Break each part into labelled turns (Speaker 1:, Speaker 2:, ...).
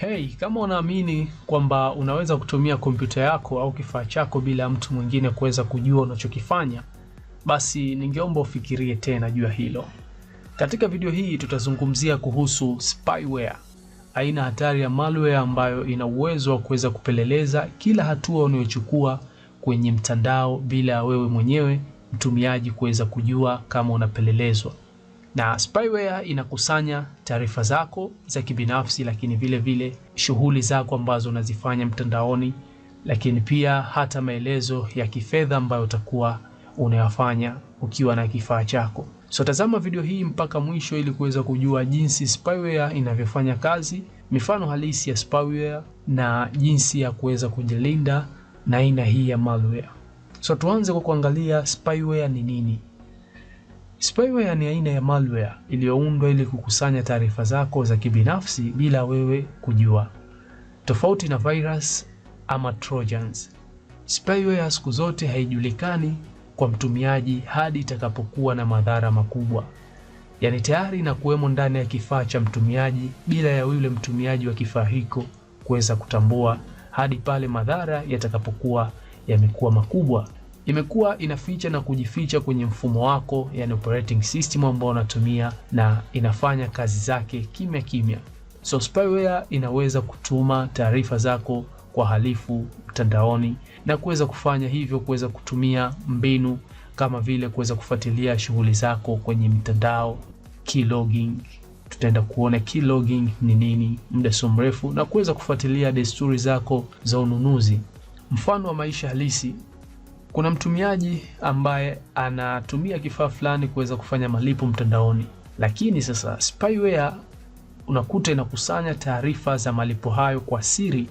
Speaker 1: Hey, kama unaamini kwamba unaweza kutumia kompyuta yako au kifaa chako bila mtu mwingine kuweza kujua unachokifanya, basi ningeomba ufikirie tena juu ya hilo. Katika video hii tutazungumzia kuhusu spyware, aina hatari ya malware ambayo ina uwezo wa kuweza kupeleleza kila hatua unayochukua kwenye mtandao bila wewe mwenyewe mtumiaji kuweza kujua kama unapelelezwa na spyware inakusanya taarifa zako za kibinafsi, lakini vile vile shughuli zako ambazo unazifanya mtandaoni, lakini pia hata maelezo ya kifedha ambayo utakuwa unayafanya ukiwa na kifaa chako. So tazama video hii mpaka mwisho ili kuweza kujua jinsi spyware inavyofanya kazi, mifano halisi ya spyware na jinsi ya kuweza kujilinda na aina hii ya malware. So tuanze kwa kuangalia spyware ni nini. Spyware ni aina ya malware iliyoundwa ili kukusanya taarifa zako za kibinafsi bila wewe kujua. Tofauti na virus ama trojans, spyware siku zote haijulikani kwa mtumiaji hadi itakapokuwa na madhara makubwa, yaani tayari na kuwemo ndani ya kifaa cha mtumiaji bila ya yule mtumiaji wa kifaa hiko kuweza kutambua hadi pale madhara yatakapokuwa yamekuwa makubwa imekuwa inaficha na kujificha kwenye mfumo wako, yani operating system ambao unatumia na inafanya kazi zake kimya kimya. So spyware inaweza kutuma taarifa zako kwa halifu mtandaoni na kuweza kufanya hivyo, kuweza kutumia mbinu kama vile kuweza kufuatilia shughuli zako kwenye mitandao keylogging. Tutaenda kuona keylogging ni nini muda si mrefu, na kuweza kufuatilia desturi zako za ununuzi. Mfano wa maisha halisi, kuna mtumiaji ambaye anatumia kifaa fulani kuweza kufanya malipo mtandaoni, lakini sasa spyware unakuta inakusanya taarifa za malipo hayo kwa siri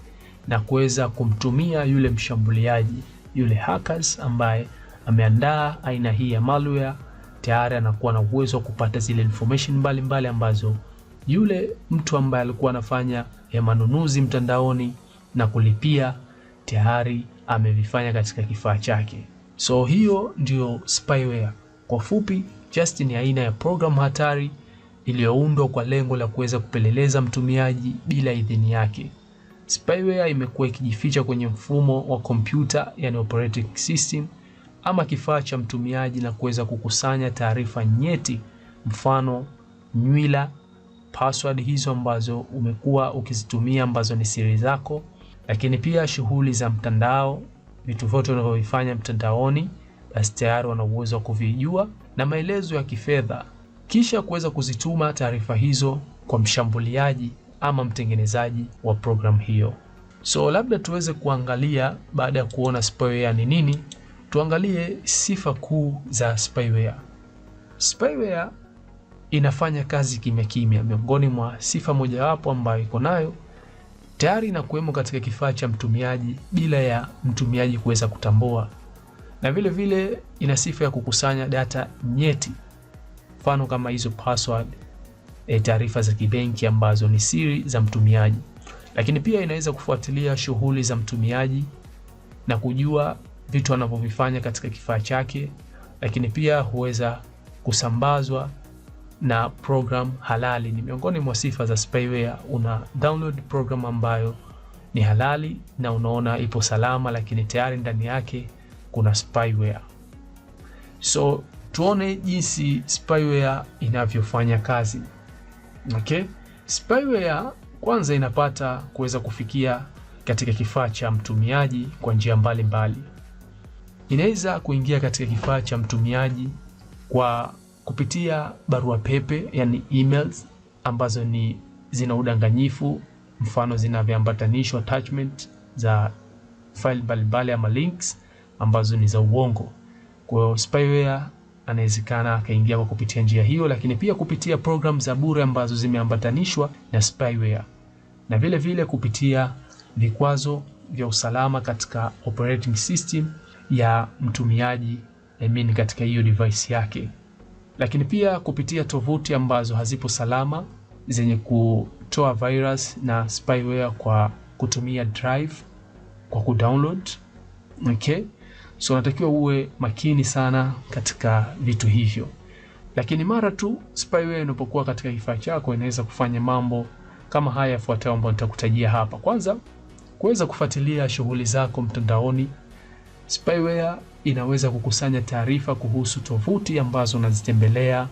Speaker 1: na kuweza kumtumia yule mshambuliaji, yule hackers ambaye ameandaa aina hii ya malware, tayari anakuwa na uwezo wa kupata zile information mbalimbali mbali ambazo yule mtu ambaye alikuwa anafanya ya manunuzi mtandaoni na kulipia tayari amevifanya katika kifaa chake. So hiyo ndio spyware. Kwa fupi, just ni aina ya programu hatari iliyoundwa kwa lengo la kuweza kupeleleza mtumiaji bila idhini yake. Spyware imekuwa ikijificha kwenye mfumo wa kompyuta, yani operating system ama kifaa cha mtumiaji na kuweza kukusanya taarifa nyeti, mfano nywila, password hizo ambazo umekuwa ukizitumia ambazo ni siri zako. Lakini pia shughuli za mtandao, vitu vyote unavyovifanya mtandaoni, basi tayari wana uwezo wa kuvijua na maelezo ya kifedha, kisha kuweza kuzituma taarifa hizo kwa mshambuliaji ama mtengenezaji wa programu hiyo. So labda tuweze kuangalia baada ya kuona spyware ni nini, tuangalie sifa kuu za spyware. Spyware inafanya kazi kimya kimya. Miongoni mwa sifa mojawapo ambayo iko nayo tayari kuwemo katika kifaa cha mtumiaji bila ya mtumiaji kuweza kutambua, na vile vile ina sifa ya kukusanya data nyeti, mfano kama hizo password, e, taarifa za kibenki ambazo ni siri za mtumiaji. Lakini pia inaweza kufuatilia shughuli za mtumiaji na kujua vitu anavyovifanya katika kifaa chake, lakini pia huweza kusambazwa na program halali ni miongoni mwa sifa za spyware. Una download program ambayo ni halali na unaona ipo salama, lakini tayari ndani yake kuna spyware. So tuone jinsi spyware inavyofanya kazi. Okay? Spyware kwanza inapata kuweza kufikia katika kifaa cha mtumiaji kwa njia mbalimbali. Inaweza kuingia katika kifaa cha mtumiaji kwa kupitia barua pepe, yani emails ambazo ni zina udanganyifu, mfano zina viambatanisho attachment za file mbalimbali ama links ambazo ni za uongo. Kwa hiyo spyware anawezekana akaingia kwa kupitia njia hiyo, lakini pia kupitia program za bure ambazo zimeambatanishwa na spyware, na vile vile kupitia vikwazo vya usalama katika operating system ya mtumiaji I mean katika hiyo device yake lakini pia kupitia tovuti ambazo hazipo salama zenye kutoa virus na spyware kwa kutumia drive kwa kudownload. Okay? So unatakiwa uwe makini sana katika vitu hivyo, lakini mara tu spyware inapokuwa katika kifaa chako inaweza kufanya mambo kama haya yafuatayo ambayo nitakutajia hapa. Kwanza, kuweza kufuatilia shughuli zako mtandaoni Spyware inaweza kukusanya taarifa kuhusu tovuti ambazo unazitembelea,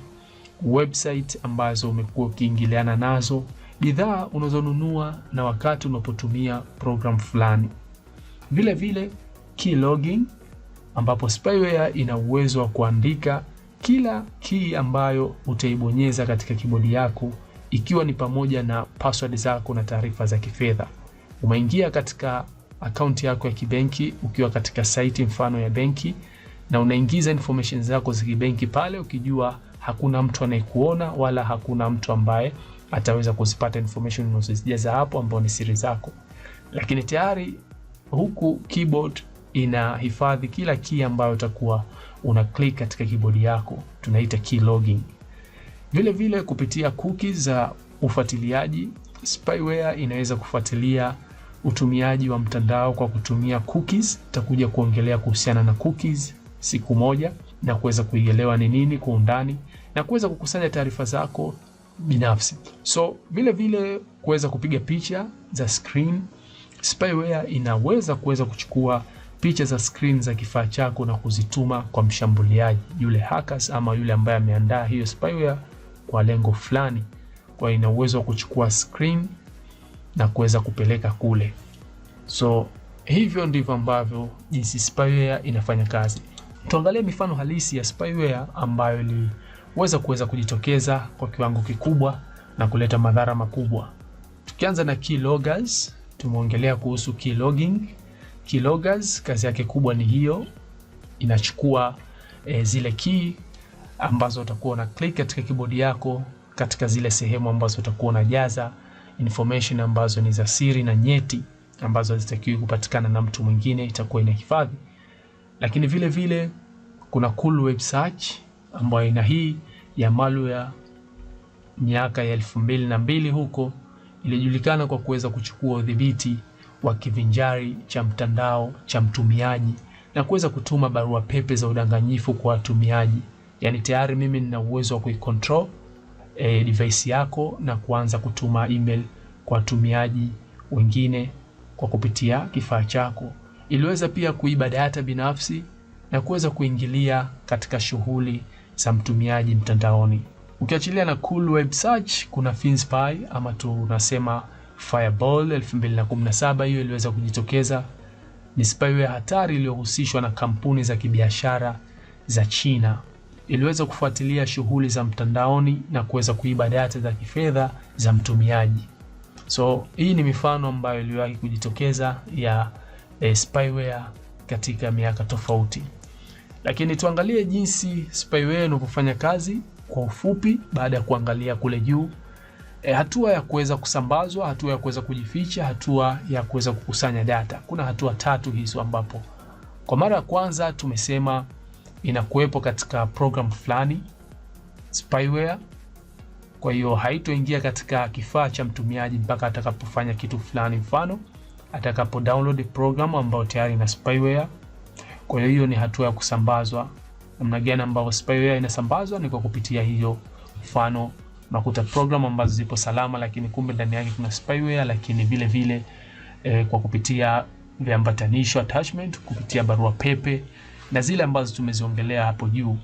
Speaker 1: website ambazo umekuwa ukiingiliana nazo, bidhaa unazonunua na wakati unapotumia program fulani. Vile vile logging, ambapo spyware ina uwezo wa kuandika kila key ambayo utaibonyeza katika kibodi yako ikiwa ni pamoja na password zako na taarifa za kifedha. Umeingia katika akaunti yako ya kibenki ukiwa katika site mfano ya benki, na unaingiza information zako za kibenki pale, ukijua hakuna mtu anayekuona wala hakuna mtu ambaye ataweza kuzipata information unazozijaza hapo, ambao ni siri zako. Lakini tayari huku keyboard inahifadhi kila key ambayo utakuwa una click katika keyboard yako, tunaita key logging. Vile vile kupitia cookies za ufuatiliaji, spyware inaweza kufuatilia utumiaji wa mtandao kwa kutumia cookies. Tutakuja kuongelea kuhusiana na cookies siku moja na kuweza kuielewa ni nini kwa undani na kuweza kukusanya taarifa zako binafsi. So vile vile kuweza kupiga picha za screen. Spyware inaweza kuweza kuchukua picha za screen za kifaa chako na kuzituma kwa mshambuliaji yule hackers, ama yule ambaye ameandaa hiyo spyware kwa lengo fulani. Kwa ina uwezo wa kuchukua screen na kuweza kupeleka kule. So hivyo ndivyo ambavyo jinsi spyware inafanya kazi. Tuangalie mifano halisi ya spyware ambayo iliweza kuweza kujitokeza kwa kiwango kikubwa na kuleta madhara makubwa. Tukianza na keyloggers, tumeongelea kuhusu keylogging. Keyloggers kazi yake kubwa ni hiyo, inachukua e, zile key ambazo utakuwa una click katika kibodi yako katika zile sehemu ambazo utakuwa unajaza information ambazo ni za siri na nyeti ambazo hazitakiwi kupatikana na mtu mwingine itakuwa inahifadhi. Lakini vile vile kuna cool web search ambayo ina hii ya malware miaka ya elfu mbili na mbili huko ilijulikana kwa kuweza kuchukua udhibiti wa kivinjari cha mtandao cha mtumiaji na kuweza kutuma barua pepe za udanganyifu kwa watumiaji. Yaani tayari mimi nina uwezo wa kuicontrol e, device yako na kuanza kutuma email kwa watumiaji wengine kwa kupitia kifaa chako. Iliweza pia kuiba data binafsi na kuweza kuingilia katika shughuli za mtumiaji mtandaoni. Ukiachilia na Cool Web Search, kuna FinSpy ama tunasema Fireball 2017 hiyo iliweza kujitokeza. Ni spyware hatari iliyohusishwa na kampuni za kibiashara za China iliweza kufuatilia shughuli za mtandaoni na kuweza kuiba data za kifedha za mtumiaji. So hii ni mifano ambayo iliwahi kujitokeza ya eh, spyware katika miaka tofauti, lakini tuangalie jinsi spyware inavyofanya kazi kwa ufupi, baada ya kuangalia kule juu. E, hatua ya kuweza kusambazwa, hatua ya kuweza kujificha, hatua ya kuweza kukusanya data. Kuna hatua tatu hizo, ambapo kwa mara ya kwanza tumesema inakuwepo katika program fulani spyware. Kwa hiyo haitoingia katika kifaa cha mtumiaji mpaka atakapofanya kitu fulani, mfano atakapo download program ambayo tayari ina spyware. Kwa hiyo hiyo ni hatua ya kusambazwa. Namna gani ambayo spyware inasambazwa ni kwa kupitia hiyo. Mfano, unakuta program ambazo zipo salama, lakini kumbe ndani yake kuna spyware, lakini vile vile eh, kwa kupitia viambatanisho attachment, kupitia barua pepe na zile ambazo tumeziongelea hapo juu.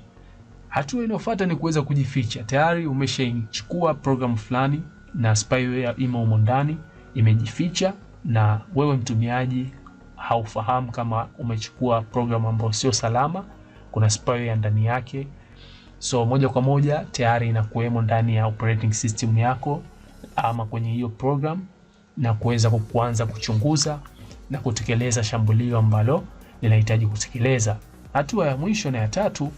Speaker 1: Hatua inayofuata ni kuweza kujificha. Tayari umeshachukua programu fulani na spyware imo humo ndani, imejificha na wewe mtumiaji haufahamu kama umechukua programu ambayo sio salama, kuna spyware ndani yake. So moja kwa moja tayari inakuwemo ndani ya operating system yako ama kwenye hiyo program na kuweza kuanza kuchunguza na kutekeleza shambulio ambalo linahitaji kutekeleza. Hatua ya mwisho na ya tatu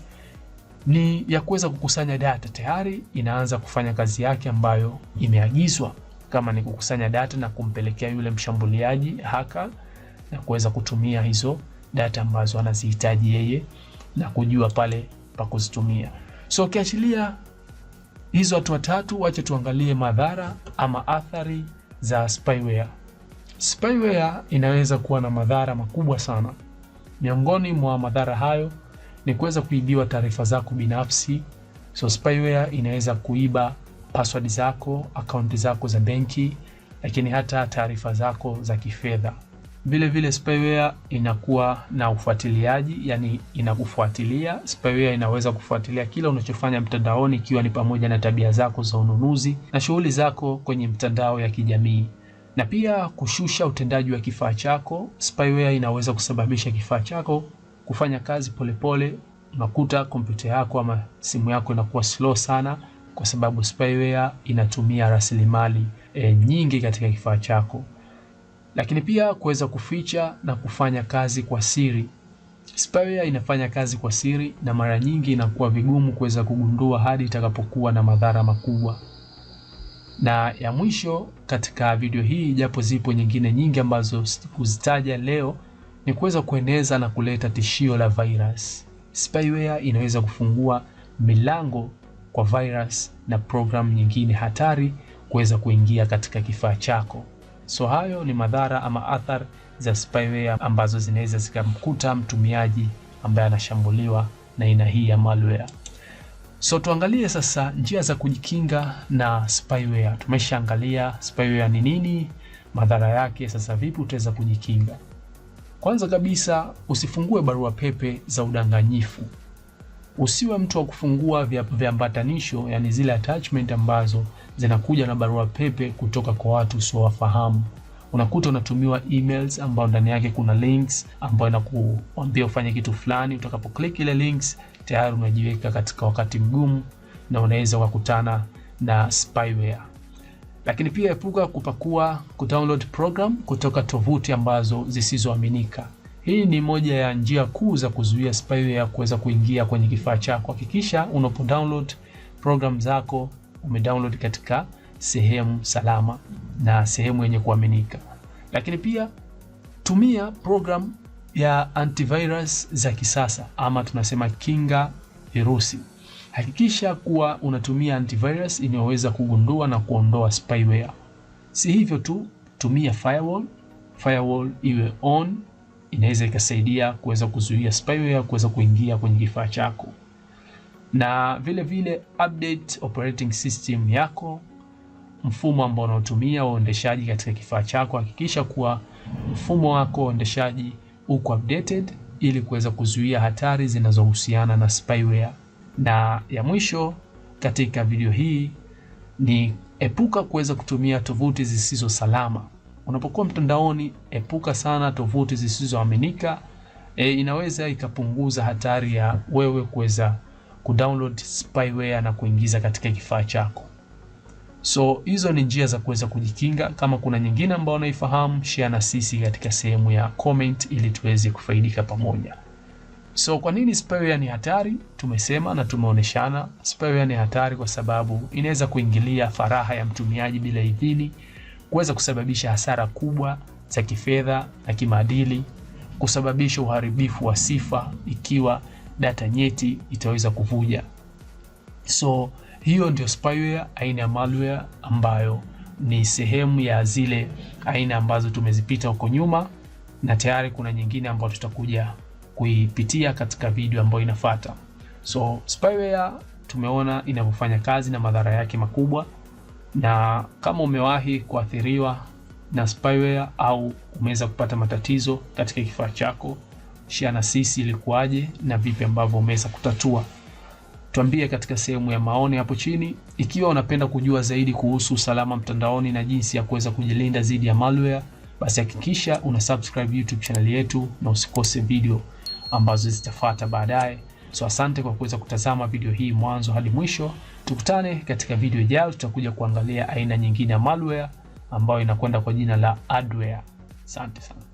Speaker 1: ni ya kuweza kukusanya data, tayari inaanza kufanya kazi yake ambayo imeagizwa, kama ni kukusanya data na kumpelekea yule mshambuliaji haka na kuweza kutumia hizo data ambazo anazihitaji yeye na kujua pale pa kuzitumia. So ukiachilia hizo hatua tatu, wacha tuangalie madhara ama athari za spyware. Spyware inaweza kuwa na madhara makubwa sana. Miongoni mwa madhara hayo ni kuweza kuibiwa taarifa zako binafsi. So spyware inaweza kuiba password zako, akaunti zako za benki, lakini hata taarifa zako za kifedha. Vile vile spyware inakuwa na ufuatiliaji, yani inakufuatilia. Spyware inaweza kufuatilia kila unachofanya mtandaoni, ikiwa ni pamoja na tabia zako za ununuzi na shughuli zako kwenye mtandao ya kijamii na pia kushusha utendaji wa kifaa chako. Spyware inaweza kusababisha kifaa chako kufanya kazi polepole pole, unakuta kompyuta yako ama simu yako inakuwa slow sana, kwa sababu spyware inatumia rasilimali e, nyingi katika kifaa chako. Lakini pia kuweza kuficha na kufanya kazi kwa siri. Spyware inafanya kazi kwa siri na mara nyingi inakuwa vigumu kuweza kugundua hadi itakapokuwa na madhara makubwa na ya mwisho katika video hii, japo zipo nyingine nyingi ambazo kuzitaja leo, ni kuweza kueneza na kuleta tishio la virus. Spyware inaweza kufungua milango kwa virus na programu nyingine hatari kuweza kuingia katika kifaa chako. So hayo ni madhara ama athari za spyware ambazo zinaweza zikamkuta mtumiaji ambaye anashambuliwa na aina hii ya malware. So tuangalie sasa njia za kujikinga na spyware. Tumeshaangalia spyware ni nini, madhara yake, sasa vipi utaweza kujikinga? Kwanza kabisa, usifungue barua pepe za udanganyifu. Usiwe mtu wa kufungua viambatanisho, yani zile attachment ambazo zinakuja na barua pepe kutoka kwa watu usiowafahamu. Unakuta unatumiwa emails ambayo ndani yake kuna links ambayo inakuambia ufanye kitu fulani. Utakapoklik ile links, tayari unajiweka katika wakati mgumu na unaweza kukutana na spyware. Lakini pia epuka kupakua, kudownload program kutoka tovuti ambazo zisizoaminika. Hii ni moja ya njia kuu za kuzuia spyware kuweza kuingia kwenye kifaa chako. Hakikisha unapo download program zako umedownload katika sehemu salama na sehemu yenye kuaminika. Lakini pia tumia program ya antivirus za kisasa ama tunasema kinga virusi. Hakikisha kuwa unatumia antivirus inayoweza kugundua na kuondoa spyware. Si hivyo tu, tumia firewall. Firewall iwe on, inaweza ikasaidia kuweza kuzuia spyware kuweza kuingia kwenye kifaa chako, na vile vile update operating system yako, mfumo ambao unaotumia uendeshaji katika kifaa chako. Hakikisha kuwa mfumo wako uendeshaji uko updated ili kuweza kuzuia hatari zinazohusiana na spyware. Na ya mwisho katika video hii ni epuka kuweza kutumia tovuti zisizo salama. Unapokuwa mtandaoni, epuka sana tovuti zisizoaminika. E, inaweza ikapunguza hatari ya wewe kuweza kudownload spyware na kuingiza katika kifaa chako. So hizo ni njia za kuweza kujikinga. Kama kuna nyingine ambayo unaifahamu, share na sisi katika sehemu ya comment ili tuweze kufaidika pamoja. So kwa nini spyware ni hatari? Tumesema na tumeoneshana, spyware ni hatari kwa sababu inaweza kuingilia faraha ya mtumiaji bila idhini, kuweza kusababisha hasara kubwa za kifedha na kimaadili, kusababisha uharibifu wa sifa ikiwa data nyeti itaweza kuvuja. So hiyo ndio spyware, aina ya malware ambayo ni sehemu ya zile aina ambazo tumezipita huko nyuma, na tayari kuna nyingine ambayo tutakuja kuipitia katika video ambayo inafuata. So spyware tumeona inavyofanya kazi na madhara yake makubwa, na kama umewahi kuathiriwa na spyware au umeweza kupata matatizo katika kifaa chako, share na sisi ilikuwaje na vipi ambavyo umeweza kutatua. Tuambie katika sehemu ya maoni hapo chini ikiwa unapenda kujua zaidi kuhusu usalama mtandaoni na jinsi ya kuweza kujilinda dhidi ya malware, basi hakikisha una subscribe YouTube channel yetu na usikose video ambazo zitafuata baadaye. So asante kwa kuweza kutazama video hii mwanzo hadi mwisho. Tukutane katika video ijayo, tutakuja kuangalia aina nyingine ya malware ambayo inakwenda kwa jina la adware. Asante sana.